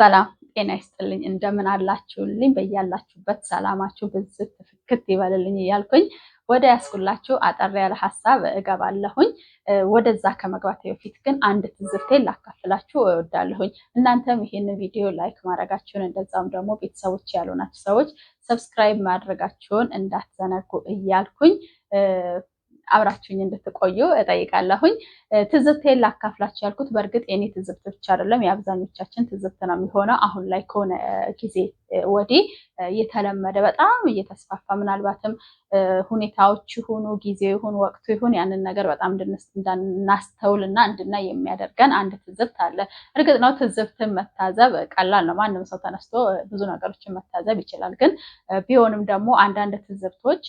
ሰላም ጤና ይስጥልኝ። እንደምን አላችሁልኝ? በያላችሁበት ሰላማችሁ ብዝት ትፍክት ይበልልኝ እያልኩኝ ወደ ያስኩላችሁ አጠር ያለ ሀሳብ እገባለሁኝ። ወደዛ ከመግባት በፊት ግን አንድ ትዝብቴን ላካፍላችሁ እወዳለሁኝ። እናንተም ይህን ቪዲዮ ላይክ ማድረጋችሁን እንደዛም ደግሞ ቤተሰቦች ያልሆናችሁ ሰዎች ሰብስክራይብ ማድረጋችሁን እንዳትዘነጉ እያልኩኝ አብራችሁኝ እንድትቆዩ እጠይቃለሁኝ። ትዝብቴን ላካፍላችሁ ያልኩት በእርግጥ የኔ ትዝብት ብቻ አይደለም፣ የአብዛኞቻችን ትዝብት ነው የሚሆነው። አሁን ላይ ከሆነ ጊዜ ወዲህ እየተለመደ በጣም እየተስፋፋ ምናልባትም ሁኔታዎች ይሁኑ ጊዜ ይሁን ወቅቱ ይሁን ያንን ነገር በጣም እንድናስተውል እና እንድናይ የሚያደርገን አንድ ትዝብት አለ። እርግጥ ነው ትዝብትን መታዘብ ቀላል ነው። ማንም ሰው ተነስቶ ብዙ ነገሮችን መታዘብ ይችላል። ግን ቢሆንም ደግሞ አንዳንድ ትዝብቶች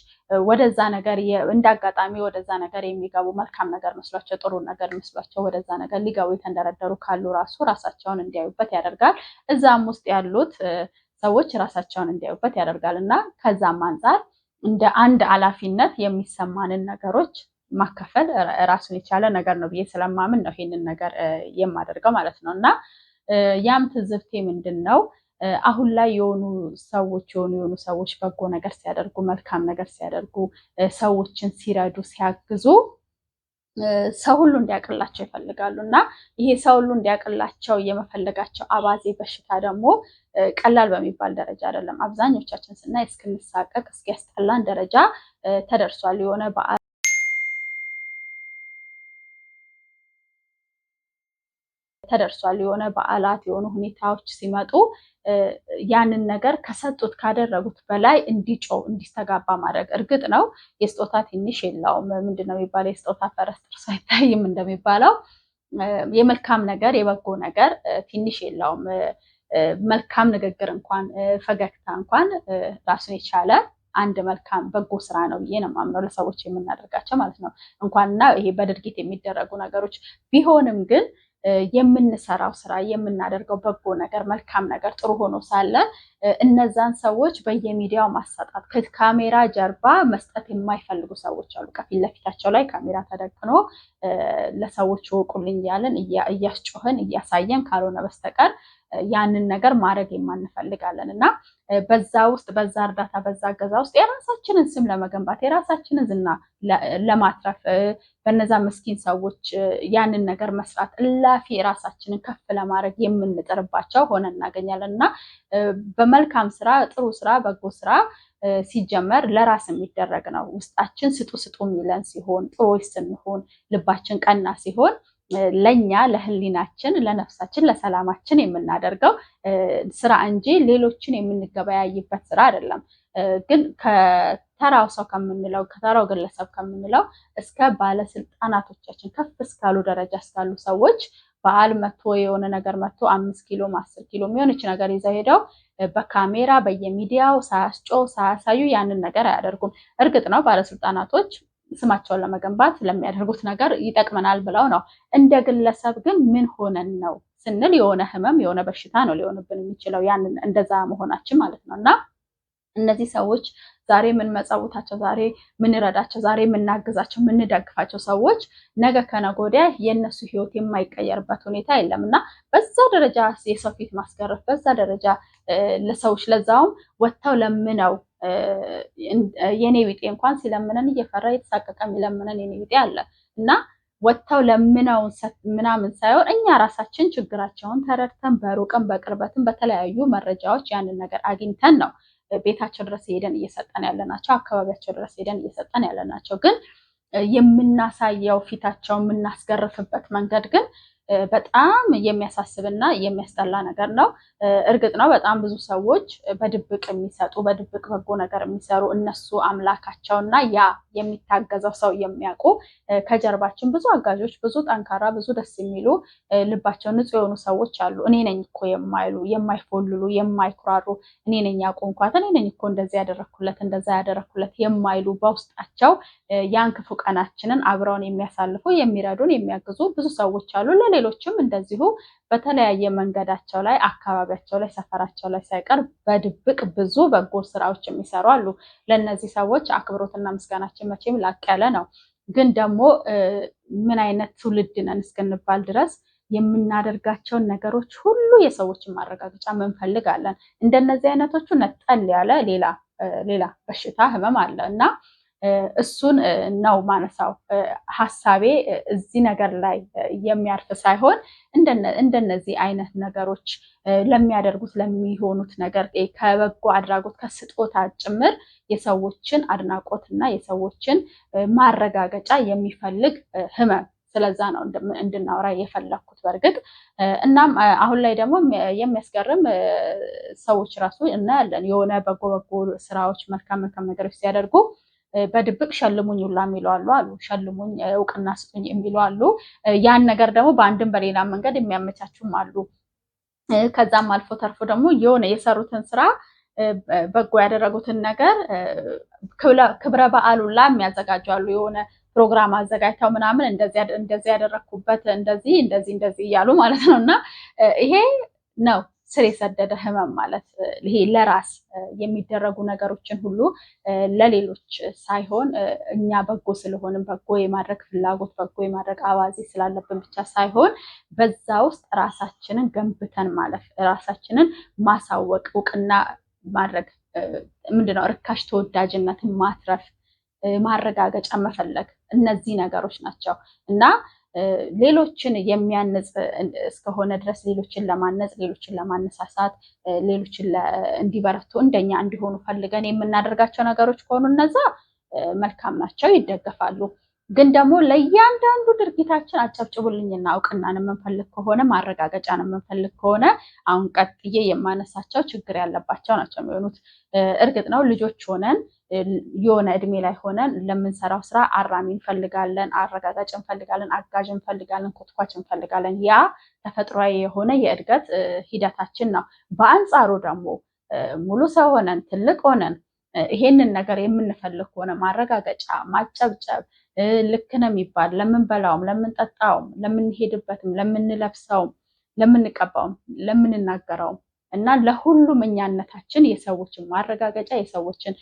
ወደዛ ነገር እንዳጋጣሚ ወደዛ ነገር የሚገቡ መልካም ነገር መስሏቸው ጥሩ ነገር መስሏቸው ወደዛ ነገር ሊገቡ የተንደረደሩ ካሉ ራሱ ራሳቸውን እንዲያዩበት ያደርጋል። እዛም ውስጥ ያሉት ሰዎች ራሳቸውን እንዲያዩበት ያደርጋል እና ከዛም አንጻር እንደ አንድ ኃላፊነት የሚሰማንን ነገሮች ማካፈል ራሱን የቻለ ነገር ነው ብዬ ስለማምን ነው ይሄንን ነገር የማደርገው ማለት ነው እና ያም ትዝብቴ ምንድን ነው አሁን ላይ የሆኑ ሰዎች የሆኑ የሆኑ ሰዎች በጎ ነገር ሲያደርጉ መልካም ነገር ሲያደርጉ ሰዎችን ሲረዱ ሲያግዙ ሰው ሁሉ እንዲያቅላቸው ይፈልጋሉ እና ይሄ ሰው ሁሉ እንዲያቅላቸው የመፈለጋቸው አባዜ በሽታ ደግሞ ቀላል በሚባል ደረጃ አይደለም። አብዛኞቻችን ስናይ እስክንሳቀቅ እስኪያስጠላን ደረጃ ተደርሷል የሆነ ተደርሷል። የሆነ በዓላት የሆኑ ሁኔታዎች ሲመጡ ያንን ነገር ከሰጡት ካደረጉት በላይ እንዲጮው እንዲስተጋባ ማድረግ። እርግጥ ነው የስጦታ ትንሽ የለውም። ምንድነው የሚባለው የስጦታ ፈረስ ጥርሱ አይታይም እንደሚባለው የመልካም ነገር የበጎ ነገር ትንሽ የለውም። መልካም ንግግር እንኳን ፈገግታ እንኳን ራሱን የቻለ አንድ መልካም በጎ ስራ ነው ብዬ ነው ማምነው፣ ለሰዎች የምናደርጋቸው ማለት ነው። እንኳንና ይሄ በድርጊት የሚደረጉ ነገሮች ቢሆንም ግን የምንሰራው ስራ የምናደርገው በጎ ነገር መልካም ነገር ጥሩ ሆኖ ሳለ እነዛን ሰዎች በየሚዲያው ማሰጣት ከካሜራ ጀርባ መስጠት የማይፈልጉ ሰዎች አሉ። ከፊት ለፊታቸው ላይ ካሜራ ተደቅኖ ለሰዎች እወቁልኝ እያስጮህን እያሳየን ካልሆነ በስተቀር ያንን ነገር ማድረግ የማንፈልጋለን እና በዛ ውስጥ በዛ እርዳታ በዛ እገዛ ውስጥ የራሳችንን ስም ለመገንባት የራሳችንን ዝና ለማትረፍ በነዛ ምስኪን ሰዎች ያንን ነገር መስራት እላፊ የራሳችንን ከፍ ለማድረግ የምንጥርባቸው ሆነ እናገኛለን እና በመልካም ስራ፣ ጥሩ ስራ፣ በጎ ስራ ሲጀመር ለራስ የሚደረግ ነው። ውስጣችን ስጡ ስጡ የሚለን ሲሆን ጥሮች ስንሆን ልባችን ቀና ሲሆን ለኛ ለህሊናችን፣ ለነፍሳችን፣ ለሰላማችን የምናደርገው ስራ እንጂ ሌሎችን የምንገበያይበት ስራ አይደለም። ግን ከተራው ሰው ከምንለው ከተራው ግለሰብ ከምንለው እስከ ባለስልጣናቶቻችን ከፍ እስካሉ ደረጃ እስካሉ ሰዎች በዓል መቶ የሆነ ነገር መቶ አምስት ኪሎ አስር ኪሎ የሚሆንች ነገር ይዘው ሄደው በካሜራ በየሚዲያው ሳያስጮ ሳያሳዩ ያንን ነገር አያደርጉም። እርግጥ ነው ባለስልጣናቶች ስማቸውን ለመገንባት ለሚያደርጉት ነገር ይጠቅመናል ብለው ነው። እንደ ግለሰብ ግን ምን ሆነን ነው ስንል የሆነ ህመም የሆነ በሽታ ነው ሊሆንብን የሚችለው ያንን እንደዛ መሆናችን ማለት ነው እና እነዚህ ሰዎች ዛሬ የምንመጸውታቸው፣ ዛሬ የምንረዳቸው፣ ዛሬ የምናግዛቸው፣ የምንደግፋቸው ሰዎች ነገ ከነገ ወዲያ የእነሱ ህይወት የማይቀየርበት ሁኔታ የለም እና በዛ ደረጃ የሰው ፊት ማስገረፍ በዛ ደረጃ ለሰዎች ለዛውም ወጥተው ለምነው የኔ ቢጤ እንኳን ሲለምነን እየፈራ እየተሳቀቀ የሚለምነን የኔ ቢጤ አለ እና ወጥተው ለምነው ምናምን ሳይሆን እኛ ራሳችን ችግራቸውን ተረድተን በሩቅም በቅርበትም በተለያዩ መረጃዎች ያንን ነገር አግኝተን ነው ቤታቸው ድረስ ሄደን እየሰጠን ያለ ናቸው። አካባቢያቸው ድረስ ሄደን እየሰጠን ያለ ናቸው ግን የምናሳየው ፊታቸው የምናስገርፍበት መንገድ ግን በጣም የሚያሳስብና የሚያስጠላ ነገር ነው። እርግጥ ነው በጣም ብዙ ሰዎች በድብቅ የሚሰጡ በድብቅ በጎ ነገር የሚሰሩ እነሱ አምላካቸውና ያ የሚታገዘው ሰው የሚያውቁ ከጀርባችን ብዙ አጋዦች፣ ብዙ ጠንካራ፣ ብዙ ደስ የሚሉ ልባቸው ንጹሕ የሆኑ ሰዎች አሉ። እኔ ነኝ እኮ የማይሉ የማይፎልሉ፣ የማይኩራሩ እኔ ነኝ ያቆምኳት፣ እኔ ነኝ እኮ እንደዚ ያደረግኩለት፣ እንደዛ ያደረግኩለት የማይሉ በውስጣቸው ያን ክፉ ቀናችንን አብረውን የሚያሳልፉ የሚረዱን፣ የሚያግዙ ብዙ ሰዎች አሉ። ሌሎችም እንደዚሁ በተለያየ መንገዳቸው ላይ አካባቢያቸው ላይ ሰፈራቸው ላይ ሳይቀር በድብቅ ብዙ በጎ ስራዎች የሚሰሩ አሉ። ለእነዚህ ሰዎች አክብሮትና ምስጋናችን መቼም ላቅ ያለ ነው። ግን ደግሞ ምን አይነት ትውልድ ነን እስክንባል ድረስ የምናደርጋቸውን ነገሮች ሁሉ የሰዎችን ማረጋገጫ እንፈልጋለን። እንደነዚህ አይነቶቹ ነጠል ያለ ሌላ ሌላ በሽታ ህመም አለ እና እሱን ነው ማነሳው። ሀሳቤ እዚህ ነገር ላይ የሚያርፍ ሳይሆን እንደነዚህ አይነት ነገሮች ለሚያደርጉት ለሚሆኑት ነገር ከበጎ አድራጎት ከስጦታ ጭምር የሰዎችን አድናቆት እና የሰዎችን ማረጋገጫ የሚፈልግ ህመም ስለዛ ነው እንድናወራ የፈለግኩት በእርግጥ እናም አሁን ላይ ደግሞ የሚያስገርም ሰዎች ራሱ እናያለን የሆነ በጎ በጎ ስራዎች መልካም መልካም ነገሮች ሲያደርጉ በድብቅ ሸልሙኝ ሁላ የሚሉ አሉ አሉ ሸልሙኝ እውቅና ስጡኝ የሚሉ አሉ። ያን ነገር ደግሞ በአንድም በሌላ መንገድ የሚያመቻቹም አሉ። ከዛም አልፎ ተርፎ ደግሞ የሆነ የሰሩትን ስራ በጎ ያደረጉትን ነገር ክብረ በዓሉን ላ የሚያዘጋጁ አሉ። የሆነ ፕሮግራም አዘጋጅተው ምናምን እንደዚህ ያደረግኩበት እንደዚህ እንደዚህ እንደዚህ እያሉ ማለት ነው እና ይሄ ነው ስር የሰደደ ህመም ማለት ይሄ ለራስ የሚደረጉ ነገሮችን ሁሉ ለሌሎች ሳይሆን እኛ በጎ ስለሆንም በጎ የማድረግ ፍላጎት በጎ የማድረግ አባዜ ስላለብን ብቻ ሳይሆን በዛ ውስጥ ራሳችንን ገንብተን ማለፍ ራሳችንን ማሳወቅ እውቅና ማድረግ ምንድነው ርካሽ ተወዳጅነትን ማትረፍ ማረጋገጫ መፈለግ እነዚህ ነገሮች ናቸው እና ሌሎችን የሚያንጽ እስከሆነ ድረስ ሌሎችን ለማነጽ፣ ሌሎችን ለማነሳሳት፣ ሌሎችን እንዲበረቱ እንደኛ እንዲሆኑ ፈልገን የምናደርጋቸው ነገሮች ከሆኑ እነዛ መልካም ናቸው፣ ይደገፋሉ። ግን ደግሞ ለእያንዳንዱ ድርጊታችን አጨብጭቡልኝና እውቅናን የምንፈልግ ከሆነ ማረጋገጫን የምንፈልግ ከሆነ አሁን ቀጥዬ የማነሳቸው ችግር ያለባቸው ናቸው የሚሆኑት። እርግጥ ነው ልጆች ሆነን የሆነ እድሜ ላይ ሆነን ለምንሰራው ስራ አራሚ እንፈልጋለን፣ አረጋጋጭ እንፈልጋለን፣ አጋዥ እንፈልጋለን፣ ኮትኳች እንፈልጋለን። ያ ተፈጥሯዊ የሆነ የእድገት ሂደታችን ነው። በአንጻሩ ደግሞ ሙሉ ሰው ሆነን ትልቅ ሆነን ይሄንን ነገር የምንፈልግ ከሆነ ማረጋገጫ፣ ማጨብጨብ፣ ልክ ነው የሚባል ለምንበላውም፣ ለምንጠጣውም፣ ለምንሄድበትም፣ ለምንለብሰውም፣ ለምንቀባውም፣ ለምንናገረውም እና ለሁሉም እኛነታችን የሰዎችን ማረጋገጫ የሰዎችን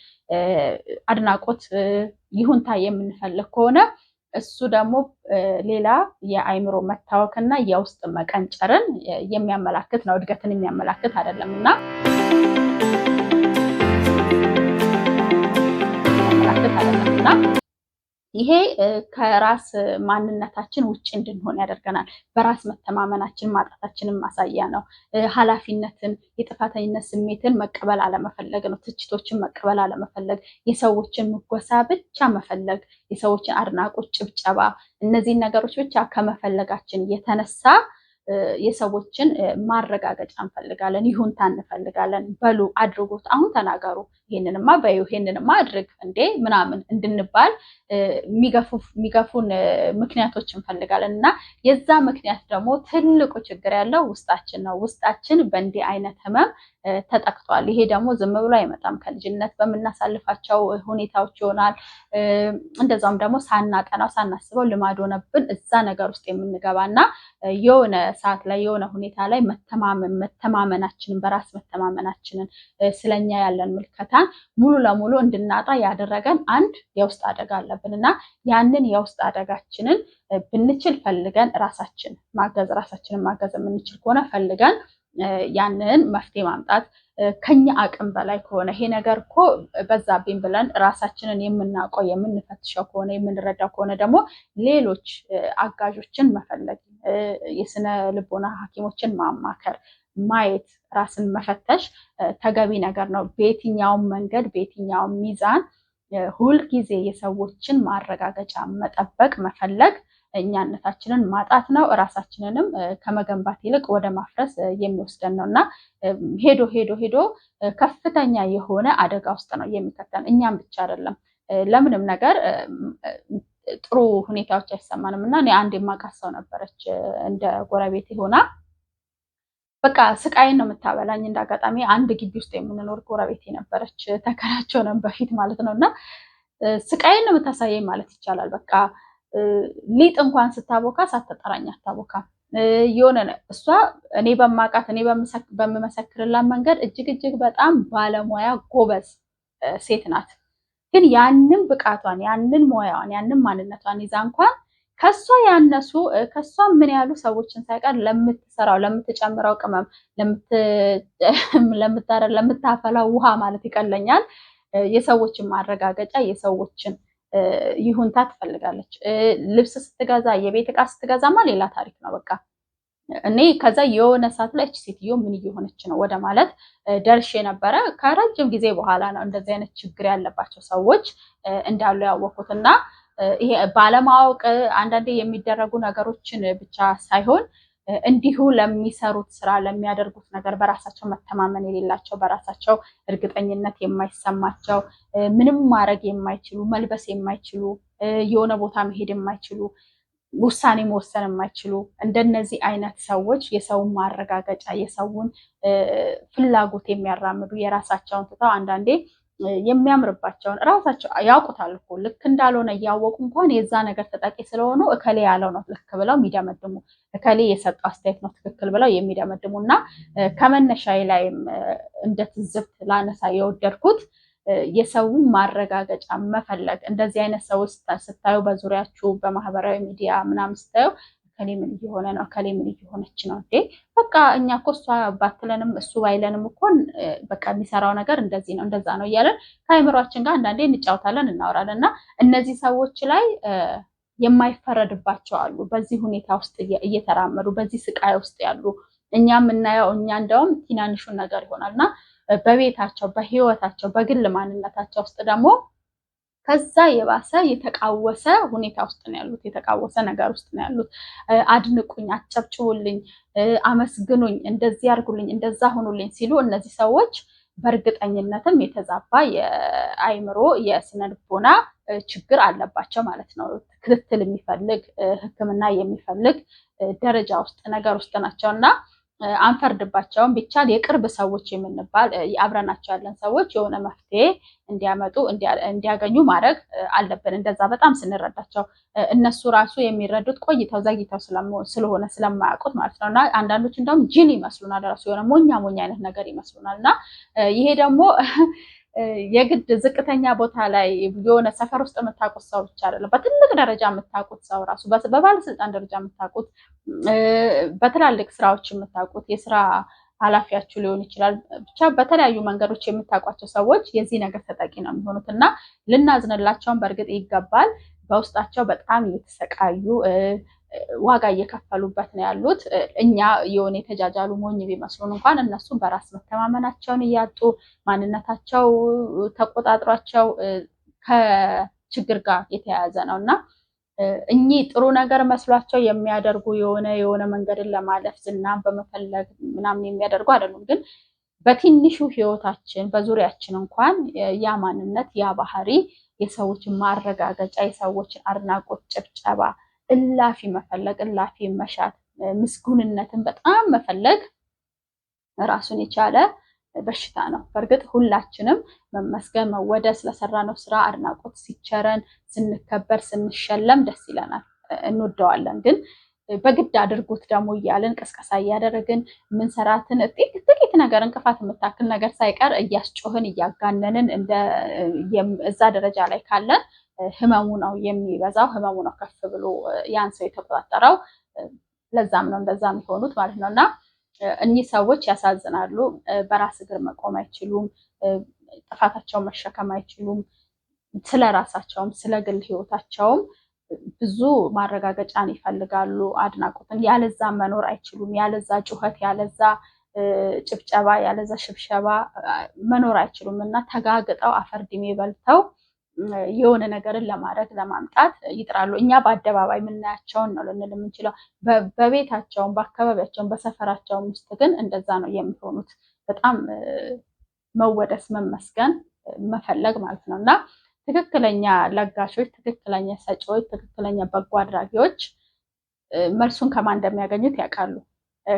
አድናቆት ይሁንታ የምንፈልግ ከሆነ እሱ ደግሞ ሌላ የአእምሮ መታወክና የውስጥ መቀንጨርን የሚያመላክት ነው። እድገትን የሚያመላክት የሚያመላክት አይደለም እና ይሄ ከራስ ማንነታችን ውጭ እንድንሆን ያደርገናል። በራስ መተማመናችን ማጣታችንን ማሳያ ነው። ኃላፊነትን፣ የጥፋተኝነት ስሜትን መቀበል አለመፈለግ ነው። ትችቶችን መቀበል አለመፈለግ፣ የሰዎችን ምጎሳ ብቻ መፈለግ፣ የሰዎችን አድናቆት፣ ጭብጨባ እነዚህን ነገሮች ብቻ ከመፈለጋችን የተነሳ የሰዎችን ማረጋገጫ እንፈልጋለን፣ ይሁንታ እንፈልጋለን። በሉ አድርጉት፣ አሁን ተናገሩ ይሄንንማ በይው ይሄንንማ አድርግ እንዴ ምናምን እንድንባል የሚገፉን ምክንያቶች እንፈልጋለን። እና የዛ ምክንያት ደግሞ ትልቁ ችግር ያለው ውስጣችን ነው። ውስጣችን በእንዲህ አይነት ህመም ተጠቅቷል። ይሄ ደግሞ ዝም ብሎ አይመጣም። ከልጅነት በምናሳልፋቸው ሁኔታዎች ይሆናል። እንደዛውም ደግሞ ሳናቀናው ሳናስበው ልማድ ሆነብን እዛ ነገር ውስጥ እና የሆነ ሰዓት ላይ የሆነ ሁኔታ ላይ መተማመን መተማመናችንን በራስ መተማመናችንን ስለኛ ያለን ምልከታ ደስታን ሙሉ ለሙሉ እንድናጣ ያደረገን አንድ የውስጥ አደጋ አለብን እና ያንን የውስጥ አደጋችንን ብንችል ፈልገን ራሳችን ማገዝ ራሳችንን ማገዝ የምንችል ከሆነ ፈልገን ያንን መፍትሄ ማምጣት ከኛ አቅም በላይ ከሆነ ይሄ ነገር እኮ በዛብኝ ብለን ራሳችንን የምናውቀው የምንፈትሸው ከሆነ የምንረዳው ከሆነ ደግሞ ሌሎች አጋዦችን መፈለግ የስነ ልቦና ሐኪሞችን ማማከር ማየት፣ ራስን መፈተሽ ተገቢ ነገር ነው። በየትኛውም መንገድ በየትኛውም ሚዛን ሁልጊዜ የሰዎችን ማረጋገጫ መጠበቅ መፈለግ እኛነታችንን ማጣት ነው። እራሳችንንም ከመገንባት ይልቅ ወደ ማፍረስ የሚወስደን ነው እና ሄዶ ሄዶ ሄዶ ከፍተኛ የሆነ አደጋ ውስጥ ነው የሚከተን። እኛም ብቻ አይደለም ለምንም ነገር ጥሩ ሁኔታዎች አይሰማንም እና እኔ አንድ የማውቃት ሰው ነበረች እንደ ጎረቤት ሆና በቃ ስቃይን ነው የምታበላኝ። እንደ አጋጣሚ አንድ ግቢ ውስጥ የምንኖር ጎረቤት የነበረች ተከራቸው ነው በፊት ማለት ነው እና ስቃይን ነው የምታሳየኝ ማለት ይቻላል። በቃ ሊጥ እንኳን ስታቦካ ሳትጠራኝ አታቦካ የሆነ እሷ እኔ በማውቃት እኔ በምመሰክርላት መንገድ እጅግ እጅግ በጣም ባለሙያ ጎበዝ ሴት ናት። ግን ያንን ብቃቷን ያንን ሙያዋን ያንን ማንነቷን ይዛ እንኳን ከሷ ያነሱ ከሷ ምን ያሉ ሰዎችን ሳይቀር ለምትሰራው ለምትጨምረው ቅመም ለምታረ ለምታፈላው ውሃ ማለት ይቀለኛል የሰዎችን ማረጋገጫ የሰዎችን ይሁንታ ትፈልጋለች። ልብስ ስትገዛ፣ የቤት እቃ ስትገዛማ ሌላ ታሪክ ነው። በቃ እኔ ከዛ የሆነ ሰዓት ላይ እች ሴትዮ ምን እየሆነች ነው ወደ ማለት ደርሼ ነበረ። ከረጅም ጊዜ በኋላ ነው እንደዚህ አይነት ችግር ያለባቸው ሰዎች እንዳሉ ያወቁትና። እና ይሄ ባለማወቅ አንዳንዴ የሚደረጉ ነገሮችን ብቻ ሳይሆን እንዲሁ ለሚሰሩት ስራ ለሚያደርጉት ነገር በራሳቸው መተማመን የሌላቸው በራሳቸው እርግጠኝነት የማይሰማቸው ምንም ማድረግ የማይችሉ መልበስ የማይችሉ የሆነ ቦታ መሄድ የማይችሉ ውሳኔ መወሰን የማይችሉ እንደነዚህ አይነት ሰዎች የሰውን ማረጋገጫ የሰውን ፍላጎት የሚያራምዱ የራሳቸውን ትተው አንዳንዴ የሚያምርባቸውን እራሳቸው ያውቁታል እኮ ልክ እንዳልሆነ እያወቁ እንኳን የዛ ነገር ተጠቂ ስለሆኑ እከሌ ያለው ነው ልክ ብለው የሚደመድሙ እከሌ የሰጠው አስተያየት ነው ትክክል ብለው የሚደመድሙ እና ከመነሻዬ ላይም እንደ ትዝብት ላነሳ የወደድኩት የሰውን ማረጋገጫ መፈለግ እንደዚህ አይነት ሰዎች ስታዩ በዙሪያችሁ በማህበራዊ ሚዲያ ምናምን ስታዩ ከሌ ምን እየሆነ ነው፣ ከሌ ምን እየሆነች ነው እንዴ? በቃ እኛ እኮ እሷ ባትለንም እሱ ባይለንም እኮን በቃ የሚሰራው ነገር እንደዚህ ነው እንደዛ ነው እያለን ከአይምሯችን ጋር አንዳንዴ እንጫወታለን፣ እናወራለን። እና እነዚህ ሰዎች ላይ የማይፈረድባቸው አሉ። በዚህ ሁኔታ ውስጥ እየተራመዱ በዚህ ስቃይ ውስጥ ያሉ እኛ የምናየው እኛ እንደውም ትናንሹን ነገር ይሆናል እና በቤታቸው በህይወታቸው በግል ማንነታቸው ውስጥ ደግሞ ከዛ የባሰ የተቃወሰ ሁኔታ ውስጥ ነው ያሉት፣ የተቃወሰ ነገር ውስጥ ነው ያሉት። አድንቁኝ፣ አጨብጭቡልኝ፣ አመስግኑኝ፣ እንደዚህ አርጉልኝ፣ እንደዛ ሆኑልኝ ሲሉ እነዚህ ሰዎች በእርግጠኝነትም የተዛባ የአይምሮ የስነ ልቦና ችግር አለባቸው ማለት ነው። ክትትል የሚፈልግ ሕክምና የሚፈልግ ደረጃ ውስጥ ነገር ውስጥ ናቸው እና አንፈርድባቸውም። ብቻ የቅርብ ሰዎች የምንባል አብረናቸው ያለን ሰዎች የሆነ መፍትሄ እንዲያመጡ እንዲያገኙ ማድረግ አለብን። እንደዛ በጣም ስንረዳቸው እነሱ ራሱ የሚረዱት ቆይተው ዘግይተው ስለሆነ ስለማያውቁት ማለት ነው። እና አንዳንዶች እንደውም ጅል ይመስሉናል፣ ራሱ የሆነ ሞኛ ሞኛ አይነት ነገር ይመስሉናል። እና ይሄ ደግሞ የግድ ዝቅተኛ ቦታ ላይ የሆነ ሰፈር ውስጥ የምታውቁት ሰው ብቻ አይደለም። በትልቅ ደረጃ የምታውቁት ሰው ራሱ በባለስልጣን ደረጃ የምታውቁት፣ በትላልቅ ስራዎች የምታውቁት የስራ ኃላፊያችሁ ሊሆን ይችላል። ብቻ በተለያዩ መንገዶች የምታውቋቸው ሰዎች የዚህ ነገር ተጠቂ ነው የሚሆኑት እና ልናዝንላቸውን በእርግጥ ይገባል። በውስጣቸው በጣም እየተሰቃዩ ዋጋ እየከፈሉበት ነው ያሉት። እኛ የሆነ የተጃጃሉ ሞኝ ቢመስሉን እንኳን እነሱ በራስ መተማመናቸውን እያጡ ማንነታቸው ተቆጣጥሯቸው ከችግር ጋር የተያያዘ ነው እና እኚህ ጥሩ ነገር መስሏቸው የሚያደርጉ የሆነ የሆነ መንገድን ለማለፍ ዝናን በመፈለግ ምናምን የሚያደርጉ አይደሉም። ግን በትንሹ ህይወታችን በዙሪያችን እንኳን ያ ማንነት ያ ባህሪ የሰዎችን ማረጋገጫ የሰዎችን አድናቆት ጭብጨባ እላፊ መፈለግ፣ እላፊ መሻት፣ ምስጉንነትን በጣም መፈለግ ራሱን የቻለ በሽታ ነው። በእርግጥ ሁላችንም መመስገን፣ መወደድ፣ ስለሰራነው ስራ አድናቆት ሲቸረን፣ ስንከበር፣ ስንሸለም ደስ ይለናል፣ እንወደዋለን። ግን በግድ አድርጉት ደግሞ እያልን ቀስቀሳ እያደረግን ምንሰራትን ጥቂት ነገር እንቅፋት የምታክል ነገር ሳይቀር እያስጮህን እያጋነንን እዛ ደረጃ ላይ ካለን ህመሙ ነው የሚበዛው፣ ህመሙ ነው ከፍ ብሎ ያን ሰው የተቆጣጠረው። ለዛም ነው እንደዛ የሚሆኑት ማለት ነው። እና እኚህ ሰዎች ያሳዝናሉ። በራስ እግር መቆም አይችሉም፣ ጥፋታቸውን መሸከም አይችሉም። ስለ ራሳቸውም ስለ ግል ህይወታቸውም ብዙ ማረጋገጫን ይፈልጋሉ፣ አድናቆትን። ያለዛ መኖር አይችሉም። ያለዛ ጩኸት፣ ያለዛ ጭብጨባ፣ ያለዛ ሽብሸባ መኖር አይችሉም እና ተጋግጠው አፈር ድሜ በልተው የሆነ ነገርን ለማድረግ ለማምጣት ይጥራሉ። እኛ በአደባባይ የምናያቸውን ነው ልንል የምንችለው። በቤታቸውም በአካባቢያቸውም በሰፈራቸውም ውስጥ ግን እንደዛ ነው የሚሆኑት። በጣም መወደስ መመስገን መፈለግ ማለት ነው እና ትክክለኛ ለጋሾች፣ ትክክለኛ ሰጪዎች፣ ትክክለኛ በጎ አድራጊዎች መልሱን ከማን እንደሚያገኙት ያውቃሉ።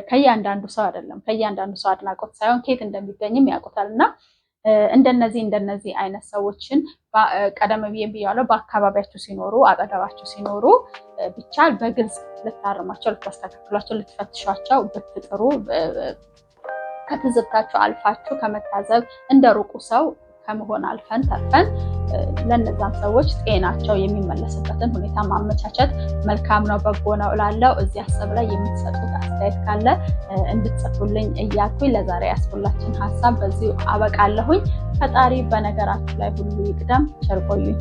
ከእያንዳንዱ ሰው አይደለም፣ ከእያንዳንዱ ሰው አድናቆት ሳይሆን ከየት እንደሚገኝም ያውቁታል እና እንደነዚህ እንደነዚህ አይነት ሰዎችን ቀደም ብ ብያለሁ። በአካባቢያቸው ሲኖሩ አጠገባቸው ሲኖሩ ብቻ በግልጽ ልታርማቸው፣ ልታስተካክሏቸው፣ ልትፈትሿቸው ብትጥሩ ከትዝብታችሁ አልፋችሁ ከመታዘብ እንደ ሩቁ ሰው ከመሆን አልፈን ተርፈን ለነዛም ሰዎች ጤናቸው የሚመለስበትን ሁኔታ ማመቻቸት መልካም ነው፣ በጎ ነው እላለሁ። እዚህ ሀሳብ ላይ የምትሰጡት አስተያየት ካለ እንድትጽፉልኝ እያልኩኝ ለዛሬ ያስኩላችን ሀሳብ በዚሁ አበቃለሁኝ። ፈጣሪ በነገራችሁ ላይ ሁሉ ይቅደም። ቸር ቆዩኝ።